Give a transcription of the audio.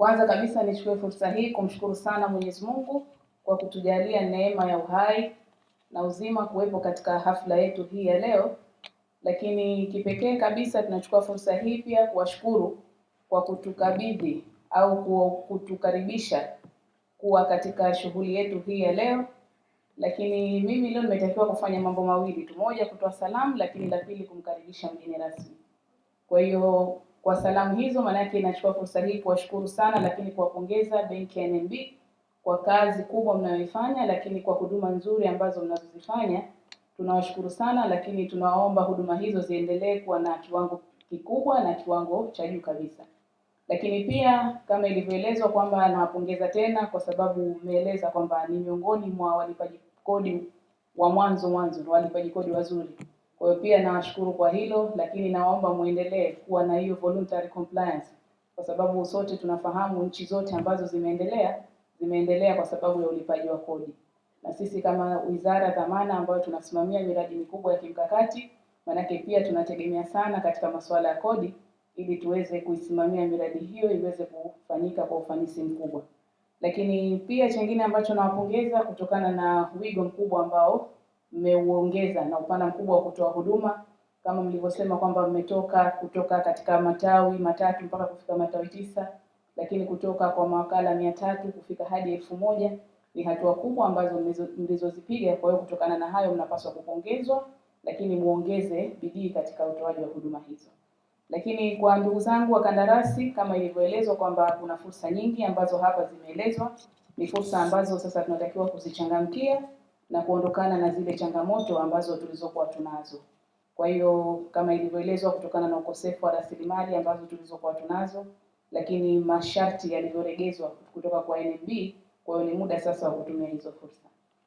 Kwanza kabisa nichukue fursa hii kumshukuru sana Mwenyezi Mungu kwa kutujalia neema ya uhai na uzima kuwepo katika hafla yetu hii ya leo. Lakini kipekee kabisa tunachukua fursa hii pia kuwashukuru kwa kutukabidhi au kutukaribisha kuwa katika shughuli yetu hii ya leo. Lakini mimi leo nimetakiwa kufanya mambo mawili tu, moja kutoa salamu, lakini la pili kumkaribisha mgeni rasmi. Kwa hiyo kwa salamu hizo, maanake inachukua fursa hii kuwashukuru sana, lakini kuwapongeza benki ya NMB kwa kazi kubwa mnayoifanya, lakini kwa huduma nzuri ambazo mnazozifanya tunawashukuru sana, lakini tunaomba huduma hizo ziendelee kuwa na kiwango kikubwa na kiwango cha juu kabisa. Lakini pia kama ilivyoelezwa kwamba nawapongeza tena kwa sababu mmeeleza kwamba ni miongoni mwa walipaji kodi wa mwanzo mwanzo, walipaji kodi wazuri. Kwa hiyo pia nawashukuru kwa hilo, lakini naomba muendelee kuwa na hiyo voluntary compliance, kwa sababu sote tunafahamu nchi zote ambazo zimeendelea zimeendelea kwa sababu ya ulipaji wa kodi, na sisi kama wizara ya dhamana ambayo tunasimamia miradi mikubwa ya kimkakati, manake pia tunategemea sana katika masuala ya kodi, ili tuweze kuisimamia miradi hiyo iweze kufanyika kwa ufanisi mkubwa. Lakini pia chengine ambacho nawapongeza kutokana na wigo mkubwa ambao mmeuongeza na upana mkubwa wa kutoa huduma kama mlivyosema kwamba mmetoka kutoka katika matawi matatu mpaka kufika matawi tisa, lakini kutoka kwa mawakala mia tatu kufika hadi elfu moja ni hatua kubwa ambazo mlizozipiga. Kwa hiyo kutokana na hayo mnapaswa kupongezwa, lakini muongeze bidii katika utoaji wa huduma hizo. Lakini kwa ndugu zangu wakandarasi, kama ilivyoelezwa kwamba kuna fursa nyingi ambazo hapa zimeelezwa, ni fursa ambazo sasa tunatakiwa kuzichangamkia na kuondokana na zile changamoto ambazo tulizokuwa tunazo. Kwa hiyo kama ilivyoelezwa, kutokana na ukosefu wa rasilimali ambazo tulizokuwa tunazo, lakini masharti yalivyoregezwa kutoka kwa NMB, kwa hiyo ni muda sasa wa kutumia hizo fursa.